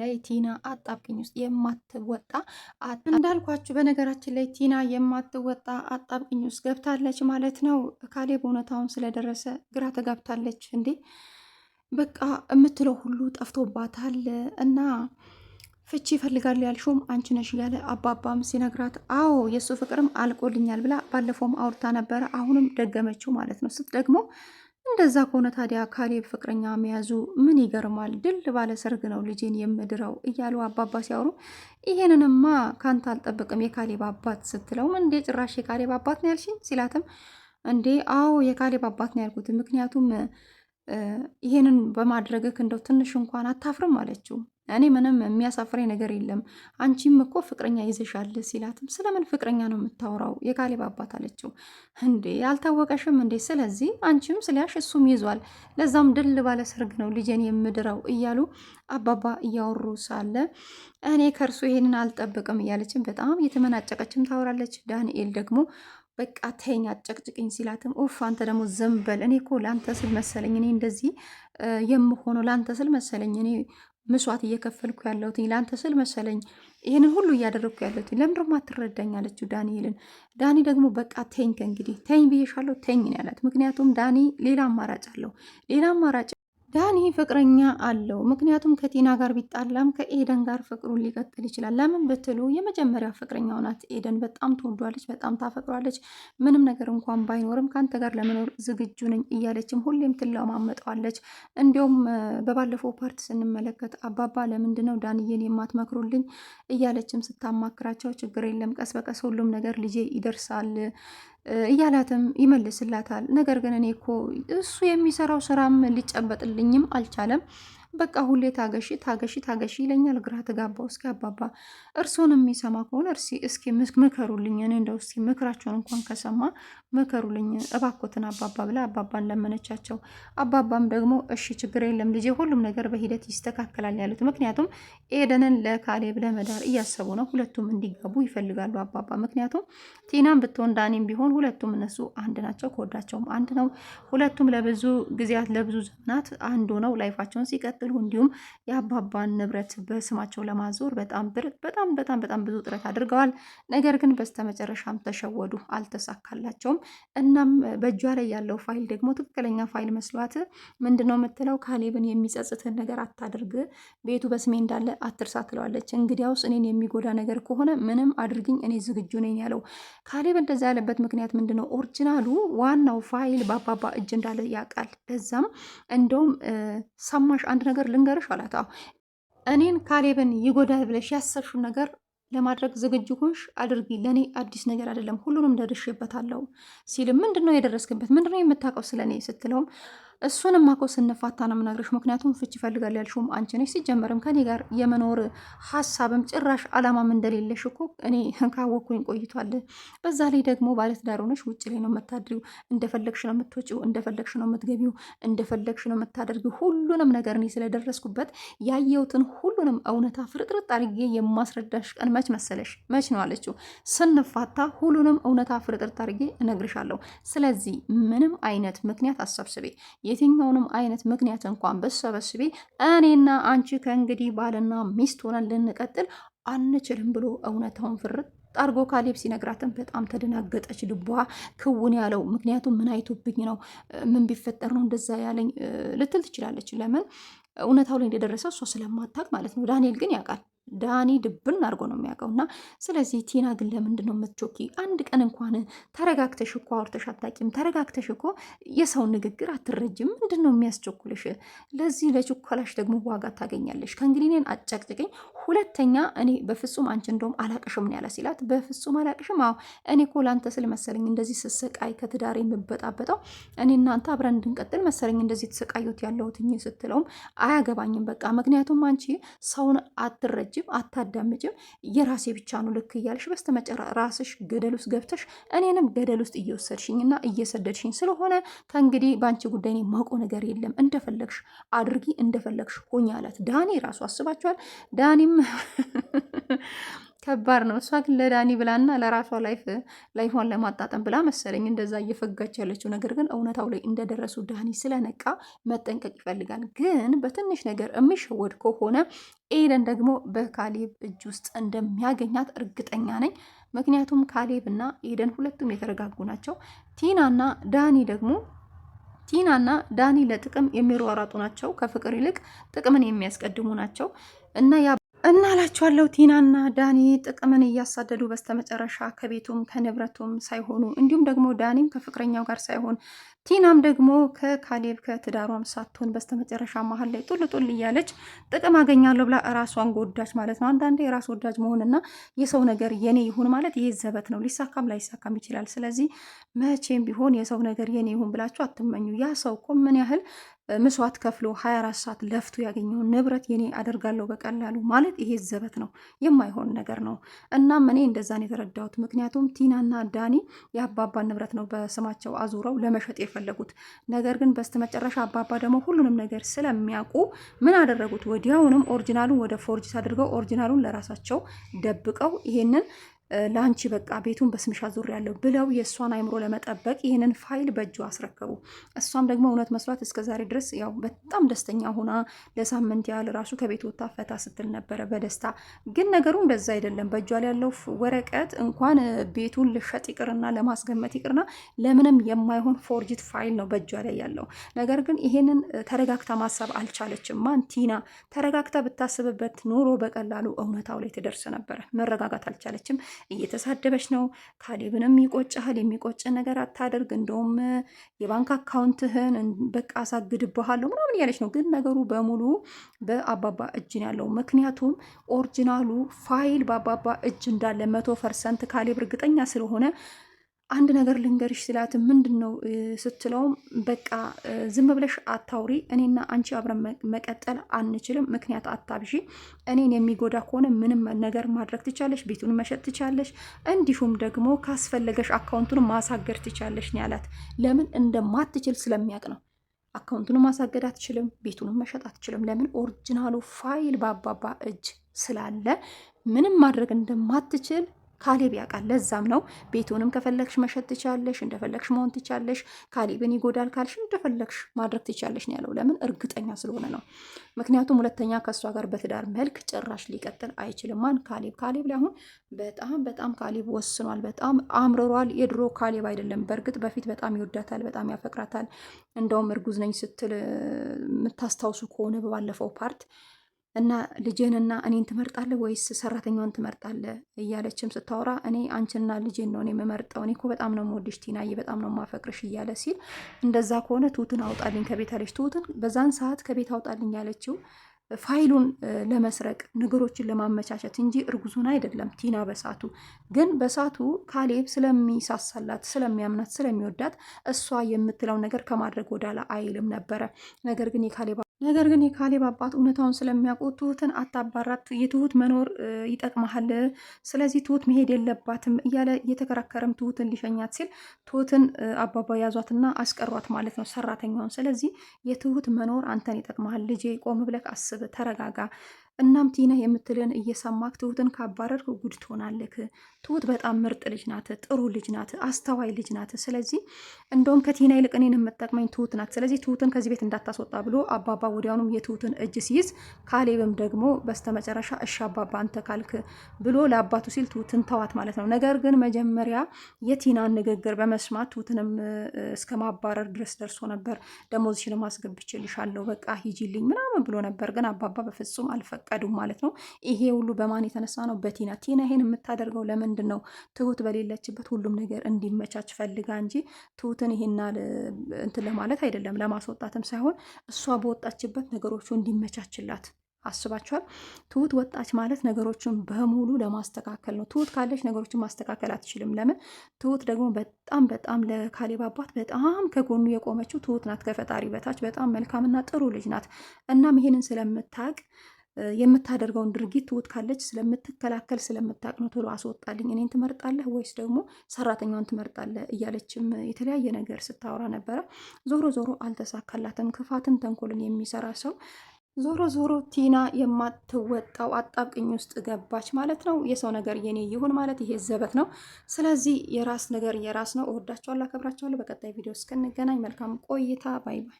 ላይ ቲና አጣብቅኝ ውስጥ የማትወጣ እንዳልኳችሁ፣ በነገራችን ላይ ቲና የማትወጣ አጣብቅኝ ውስጥ ገብታለች ማለት ነው። ካሌብ እውነታውን ስለደረሰ ግራ ተጋብታለች። እንዴ በቃ የምትለው ሁሉ ጠፍቶባታል። እና ፍቺ ይፈልጋል ያልሹም አንቺ ነሽ እያለ አባባም ሲነግራት፣ አዎ የእሱ ፍቅርም አልቆልኛል ብላ ባለፈውም አውርታ ነበረ። አሁንም ደገመችው ማለት ነው። ደግሞ እንደዛ ከሆነ ታዲያ ካሌብ ፍቅረኛ መያዙ ምን ይገርማል? ድል ባለ ሰርግ ነው ልጄን የምድረው እያሉ አባባ ሲያወሩ ይሄንንማ ካንተ አልጠብቅም የካሌብ አባት ስትለውም እንዴ ጭራሽ የካሌብ አባት ነው ያልሽኝ ሲላትም እንዴ አዎ የካሌብ አባት ነው ያልኩት ምክንያቱም ይሄንን በማድረግህ እንደው ትንሽ እንኳን አታፍርም አለችው። እኔ ምንም የሚያሳፍረኝ ነገር የለም አንቺም እኮ ፍቅረኛ ይዘሻል ሲላትም ስለምን ፍቅረኛ ነው የምታወራው የካሌብ አባት አለችው። እንዴ አልታወቀሽም እንዴ? ስለዚህ አንቺም ስለያሽ እሱም ይዟል። ለዛም ድል ባለ ሰርግ ነው ልጄን የምድረው እያሉ አባባ እያወሩ ሳለ እኔ ከእርሱ ይሄንን አልጠብቅም እያለችም በጣም እየተመናጨቀችም ታወራለች። ዳንኤል ደግሞ በቃ ተኝ አጨቅጭቅኝ ሲላትም ኡፍ አንተ ደግሞ ዘንበል፣ እኔ እኮ ለአንተ ስል መሰለኝ እኔ እንደዚህ የምሆነው ለአንተ ስል መሰለኝ እኔ ምስዋት እየከፈልኩ ያለሁትኝ ለአንተ ስል መሰለኝ ይህንን ሁሉ እያደረግኩ ያለሁትኝ ለምን ደግሞ አትረዳኝ? አለችው ዳንኤልን። ዳኒ ደግሞ በቃ ተኝ ከእንግዲህ ተኝ ብዬሻለሁ ተኝ ነው ያላት። ምክንያቱም ዳኒ ሌላ አማራጭ አለው ሌላ አማራጭ ዳኒ ፍቅረኛ አለው። ምክንያቱም ከቲና ጋር ቢጣላም ከኤደን ጋር ፍቅሩን ሊቀጥል ይችላል። ለምን ብትሉ የመጀመሪያ ፍቅረኛው ናት። ኤደን በጣም ትወዷለች፣ በጣም ታፈቅሯለች። ምንም ነገር እንኳን ባይኖርም ከአንተ ጋር ለመኖር ዝግጁ ነኝ እያለችም ሁሌም ትለማመጠዋለች። እንዲሁም በባለፈው ፓርት ስንመለከት አባባ ለምንድነው ነው ዳንዬን የማትመክሩልኝ እያለችም ስታማክራቸው ችግር የለም ቀስ በቀስ ሁሉም ነገር ልጄ ይደርሳል እያላትም ይመልስላታል። ነገር ግን እኔ እኮ እሱ የሚሰራው ስራም ሊጨበጥልኝም አልቻለም። በቃ ሁሌ ታገሺ ታገሺ ታገሺ ይለኛል። ግራ ትጋባው። እስኪ አባባ እርሶን የሚሰማ ከሆነ እርሲ እስኪ ምክሩልኝ። እኔ እንደው እስኪ ምክራቸውን እንኳን ከሰማ ምከሩልኝ እባኮትን አባባ ብላ አባባን ለመነቻቸው። አባባም ደግሞ እሺ ችግር የለም ልጄ፣ ሁሉም ነገር በሂደት ይስተካከላል ያሉት። ምክንያቱም ኤደንን ለካሌብ ለመዳር እያሰቡ ነው። ሁለቱም እንዲጋቡ ይፈልጋሉ አባባ። ምክንያቱም ቲናም ብትሆን ዳኒም ቢሆን ሁለቱም እነሱ አንድ ናቸው፣ ከወዳቸውም አንድ ነው። ሁለቱም ለብዙ ጊዜያት ለብዙ ዘመናት አንዱ ነው ላይፋቸውን ሲቀጥሉ፣ እንዲሁም የአባባን ንብረት በስማቸው ለማዞር በጣም በጣም በጣም በጣም ብዙ ጥረት አድርገዋል። ነገር ግን በስተመጨረሻም ተሸወዱ፣ አልተሳካላቸውም። እናም በእጇ ላይ ያለው ፋይል ደግሞ ትክክለኛ ፋይል መስሏት ምንድን ነው የምትለው ካሌብን የሚጸጽትን ነገር አታድርግ፣ ቤቱ በስሜ እንዳለ አትርሳ ትለዋለች። እንግዲያውስ እኔን የሚጎዳ ነገር ከሆነ ምንም አድርግኝ፣ እኔ ዝግጁ ነኝ ያለው ካሌብ። እንደዛ ያለበት ምክንያት ምንድን ነው? ኦሪጂናሉ ዋናው ፋይል በአባባ እጅ እንዳለ ያውቃል። ለዛም እንደውም ሰማሽ፣ አንድ ነገር ልንገርሽ አላት። እኔን ካሌብን ይጎዳል ብለሽ ያሰብሽው ነገር ለማድረግ ዝግጁ ሆንሽ አድርጊ፣ ለእኔ አዲስ ነገር አይደለም፣ ሁሉንም ደርሼበታለሁ ሲልም ምንድን ነው የደረስክበት? ምንድን ነው የምታውቀው ስለእኔ ስትለውም እሱን ማውቀው ስንፋታ ነው የምነግርሽ። ምክንያቱም ፍች ይፈልጋል ያልሽውም አንቺ ነሽ። ሲጀመርም ከኔ ጋር የመኖር ሀሳብም ጭራሽ አላማም እንደሌለሽ እኮ እኔ ካወኩኝ ቆይቷል። በዛ ላይ ደግሞ ባለትዳር ሆነሽ ውጭ ላይ ነው የምታድሪው። እንደፈለግሽ ነው የምትወጪው፣ እንደፈለግሽ ነው የምትገቢው፣ እንደፈለግሽ ነው የምታደርጊው። ሁሉንም ነገር እኔ ስለደረስኩበት ያየሁትን ሁሉ ሁሉንም እውነታ ፍርጥርጥ አድርጌ የማስረዳሽ ቀን መች መሰለሽ? መች ነው አለችው። ስንፋታ ሁሉንም እውነታ ፍርጥርጥ አድርጌ እነግርሻለሁ። ስለዚህ ምንም አይነት ምክንያት አሰብስቤ የትኛውንም አይነት ምክንያት እንኳን በሰበስቤ እኔና አንቺ ከእንግዲህ ባልና ሚስት ሆነን ልንቀጥል አንችልም ብሎ እውነታውን ፍርጥ አድርጎ ካሌብ ሲነግራትን በጣም ተደናገጠች። ልቧ ክውን ያለው ምክንያቱም ምን አይቶብኝ ነው? ምን ቢፈጠር ነው እንደዛ ያለኝ ልትል ትችላለች። ለምን እውነታው ላይ እንደደረሰ እሷ ስለማታቅ ማለት ነው። ዳንኤል ግን ያውቃል። ዳኒ ድብን አድርጎ ነው የሚያውቀው። እና ስለዚህ ቲና ግን ለምንድን ነው የምትቾኪ? አንድ ቀን እንኳን ተረጋግተሽ እኮ አውርተሽ አታቂም። ተረጋግተሽ እኮ የሰውን ንግግር አትረጅም። ምንድን ነው የሚያስቸኩልሽ? ለዚህ ለችኮላሽ ደግሞ ዋጋ ታገኛለሽ። ከእንግዲህ እኔን አጨቅጭቅኝ። ሁለተኛ እኔ በፍጹም አንቺ እንደውም አላቅሽም ነው ያለ ሲላት፣ በፍጹም አላቅሽም። አዎ እኔ እኮ ላንተ ስል መሰለኝ እንደዚህ ስሰቃይ ከትዳር የምበጣበጠው እኔ እናንተ አብረን እንድንቀጥል መሰለኝ እንደዚህ ተሰቃዮት ያለሁት ስትለውም አያገባኝም በቃ ምክንያቱም አንቺ ሰውን አትረጅ አታስረጅም፣ አታዳምጭም። የራሴ ብቻ ነው ልክ እያልሽ በስተመጨረ ራስሽ ገደል ውስጥ ገብተሽ እኔንም ገደል ውስጥ እየወሰድሽኝ እየሰደድሽኝ ስለሆነ ከእንግዲህ በአንቺ ጉዳይ እኔ ማውቀው ነገር የለም፣ እንደፈለግሽ አድርጊ፣ እንደፈለግሽ ሆኝ አላት። ዳኒ ራሱ አስባችኋል። ዳኒም ከባድ ነው። እሷ ግን ለዳኒ ብላና ለራሷ ላይፍ ላይፏን ለማጣጠም ብላ መሰለኝ እንደዛ እየፈጋች ያለችው። ነገር ግን እውነታው ላይ እንደደረሱ ዳኒ ስለነቃ መጠንቀቅ ይፈልጋል። ግን በትንሽ ነገር የሚሸወድ ከሆነ ኤደን ደግሞ በካሌብ እጅ ውስጥ እንደሚያገኛት እርግጠኛ ነኝ። ምክንያቱም ካሌብ እና ኤደን ሁለቱም የተረጋጉ ናቸው። ቲናና ዳኒ ደግሞ ቲናና ዳኒ ለጥቅም የሚሯሯጡ ናቸው። ከፍቅር ይልቅ ጥቅምን የሚያስቀድሙ ናቸው እና ያ እና ቲናና ዳኒ ጥቅምን እያሳደዱ በስተመጨረሻ ከቤቱም ከንብረቱም ሳይሆኑ እንዲሁም ደግሞ ዳኒም ከፍቅረኛው ጋር ሳይሆን ቲናም ደግሞ ከካሌብ ከትዳሯም ሳትሆን በስተመጨረሻ መሀል ላይ ጡል ጡል እያለች ጥቅም አገኛለሁ ብላ ራሷን ጎዳች ማለት ነው። አንዳንዴ የራስ ወዳጅ መሆንና የሰው ነገር የኔ ይሁን ማለት ይህ ዘበት ነው። ሊሳካም ላይሳካም ይችላል። ስለዚህ መቼም ቢሆን የሰው ነገር የኔ ይሁን ብላችሁ አትመኙ። ያ ሰው እኮ ምን ያህል መስዋዕት ከፍሎ 24 ሰዓት ለፍቶ ያገኘውን ንብረት የኔ አደርጋለሁ በቀላሉ ማለት ይሄ ዘበት ነው፣ የማይሆን ነገር ነው። እናም እኔ እንደዛን የተረዳሁት ምክንያቱም ቲናና ዳኒ የአባባን ንብረት ነው በስማቸው አዙረው ለመሸጥ የፈለጉት። ነገር ግን በስተመጨረሻ አባባ ደግሞ ሁሉንም ነገር ስለሚያውቁ ምን አደረጉት? ወዲያውንም ኦሪጂናሉን ወደ ፎርጅት አድርገው ኦሪጂናሉን ለራሳቸው ደብቀው ይሄንን ለአንቺ በቃ ቤቱን በስምሻ ዙር ያለው ብለው የእሷን አይምሮ ለመጠበቅ ይህንን ፋይል በእጁ አስረከቡ። እሷም ደግሞ እውነት መስሏት እስከዛሬ ድረስ ያው በጣም ደስተኛ ሆና ለሳምንት ያህል ራሱ ከቤት ወጥታ ፈታ ስትል ነበረ በደስታ ግን ነገሩ እንደዛ አይደለም። በእጇ ላይ ያለው ወረቀት እንኳን ቤቱን ልሸጥ ይቅርና ለማስገመት ይቅርና ለምንም የማይሆን ፎርጅት ፋይል ነው በእጇ ላይ ያለው። ነገር ግን ይሄንን ተረጋግታ ማሰብ አልቻለችም። ማን ቲና ተረጋግታ ብታስብበት ኖሮ በቀላሉ እውነታው ላይ ትደርስ ነበረ። መረጋጋት አልቻለችም። እየተሳደበች ነው። ካሌብንም ይቆጭሃል፣ የሚቆጭ ነገር አታደርግ፣ እንደውም የባንክ አካውንትህን በቃ አሳግድብሃለሁ ምናምን እያለች ነው። ግን ነገሩ በሙሉ በአባባ እጅ ነው ያለው። ምክንያቱም ኦሪጂናሉ ፋይል በአባባ እጅ እንዳለ መቶ ፐርሰንት ካሌብ እርግጠኛ ስለሆነ አንድ ነገር ልንገርሽ ስላት ምንድን ነው ስትለውም በቃ ዝም ብለሽ አታውሪ፣ እኔና አንቺ አብረን መቀጠል አንችልም። ምክንያት አታብሺ። እኔን የሚጎዳ ከሆነ ምንም ነገር ማድረግ ትቻለሽ፣ ቤቱን መሸጥ ትቻለሽ፣ እንዲሁም ደግሞ ካስፈለገሽ አካውንቱን ማሳገድ ትቻለሽ ነው ያላት። ለምን እንደማትችል ስለሚያውቅ ነው። አካውንቱን ማሳገድ አትችልም፣ ቤቱንም መሸጥ አትችልም። ለምን ኦሪጂናሉ ፋይል በአባባ እጅ ስላለ ምንም ማድረግ እንደማትችል ካሌብ ያውቃል። ለዛም ነው ቤቱንም ከፈለግሽ መሸጥ ትቻለሽ፣ እንደፈለግሽ መሆን ትቻለሽ፣ ካሌብን ይጎዳል ካልሽ እንደፈለግሽ ማድረግ ትቻለሽ ነው ያለው። ለምን? እርግጠኛ ስለሆነ ነው። ምክንያቱም ሁለተኛ ከእሷ ጋር በትዳር መልክ ጭራሽ ሊቀጥል አይችልም። ማን? ካሌብ። ካሌብ ላይ አሁን በጣም በጣም ካሌብ ወስኗል። በጣም አምርሯል። የድሮ ካሌብ አይደለም። በእርግጥ በፊት በጣም ይወዳታል፣ በጣም ያፈቅራታል። እንደውም እርጉዝ ነኝ ስትል የምታስታውሱ ከሆነ በባለፈው ፓርት እና ልጄንና እኔን ትመርጣለህ ወይስ ሰራተኛዋን ትመርጣለህ? እያለችም ስታወራ እኔ አንቺና ልጄን ነው እኔ የምመርጠው፣ እኔ እኮ በጣም ነው የምወድሽ ቲናዬ፣ በጣም ነው የማፈቅርሽ እያለ ሲል፣ እንደዛ ከሆነ ትሁትን አውጣልኝ ከቤት አለች። ትሁትን በዛን ሰዓት ከቤት አውጣልኝ ያለችው ፋይሉን ለመስረቅ ነገሮችን ለማመቻቸት እንጂ እርጉዙን አይደለም። ቲና በሳቱ ግን በሳቱ ካሌብ ስለሚሳሳላት ስለሚያምናት ስለሚወዳት እሷ የምትለው ነገር ከማድረግ ወዳላ አይልም ነበረ። ነገር ግን የካሌብ ነገር ግን የካሌብ አባት እውነታውን ስለሚያውቁ ትሁትን አታባራት፣ የትሁት መኖር ይጠቅመሃል፣ ስለዚህ ትሁት መሄድ የለባትም እያለ እየተከራከረም ትሁትን ሊሸኛት ሲል ትሁትን አባባ ያዟትና አስቀሯት ማለት ነው ሰራተኛውን። ስለዚህ የትሁት መኖር አንተን ይጠቅመሃል ልጄ፣ ቆም ብለህ አስብ፣ ተረጋጋ እናም ቲና የምትልን እየሰማክ ትሁትን ካባረርክ ጉድ ትሆናለክ። ትሁት በጣም ምርጥ ልጅ ናት፣ ጥሩ ልጅ ናት፣ አስተዋይ ልጅ ናት። ስለዚህ እንደውም ከቲና ይልቅ እኔን የምጠቅመኝ ትሁት ናት። ስለዚህ ትሁትን ከዚህ ቤት እንዳታስወጣ ብሎ አባባ ወዲያውኑም የትሁትን እጅ ሲይዝ፣ ካሌብም ደግሞ በስተመጨረሻ እሺ አባባ አንተ ካልክ ብሎ ለአባቱ ሲል ትሁትን ተዋት ማለት ነው። ነገር ግን መጀመሪያ የቲናን ንግግር በመስማት ትሁትንም እስከ ማባረር ድረስ ደርሶ ነበር። ደሞዝሽን ማስገብቼልሻለሁ በቃ ሂጂልኝ ምናምን ብሎ ነበር። ግን አባባ በፍጹም አልፈቅ ፈቀዱ ማለት ነው። ይሄ ሁሉ በማን የተነሳ ነው? በቲና ቲና ይሄን የምታደርገው ለምንድን ነው? ትሁት በሌለችበት ሁሉም ነገር እንዲመቻች ፈልጋ እንጂ ትሁትን ይሄና እንትን ለማለት አይደለም፣ ለማስወጣትም ሳይሆን እሷ በወጣችበት ነገሮቹ እንዲመቻችላት አስባችኋል። ትሁት ወጣች ማለት ነገሮችን በሙሉ ለማስተካከል ነው። ትሁት ካለች ነገሮችን ማስተካከል አትችልም። ለምን? ትሁት ደግሞ በጣም በጣም ለካሌብ አባት በጣም ከጎኑ የቆመችው ትሁት ናት። ከፈጣሪ በታች በጣም መልካምና ጥሩ ልጅ ናት። እናም ይሄንን ስለምታውቅ የምታደርገውን ድርጊት ትውትካለች ካለች ስለምትከላከል ስለምታቅ ነው ቶሎ አስወጣልኝ፣ እኔን ትመርጣለህ ወይስ ደግሞ ሰራተኛውን ትመርጣለህ እያለችም የተለያየ ነገር ስታወራ ነበረ። ዞሮ ዞሮ አልተሳካላትም። ክፋትን ተንኮልን የሚሰራ ሰው ዞሮ ዞሮ ቲና የማትወጣው አጣብቅኝ ውስጥ ገባች ማለት ነው። የሰው ነገር የኔ ይሁን ማለት ይሄ ዘበት ነው። ስለዚህ የራስ ነገር የራስ ነው። እወዳቸዋለሁ፣ አከብራቸዋለሁ። በቀጣይ ቪዲዮ እስክንገናኝ መልካም ቆይታ። ባይ ባይ።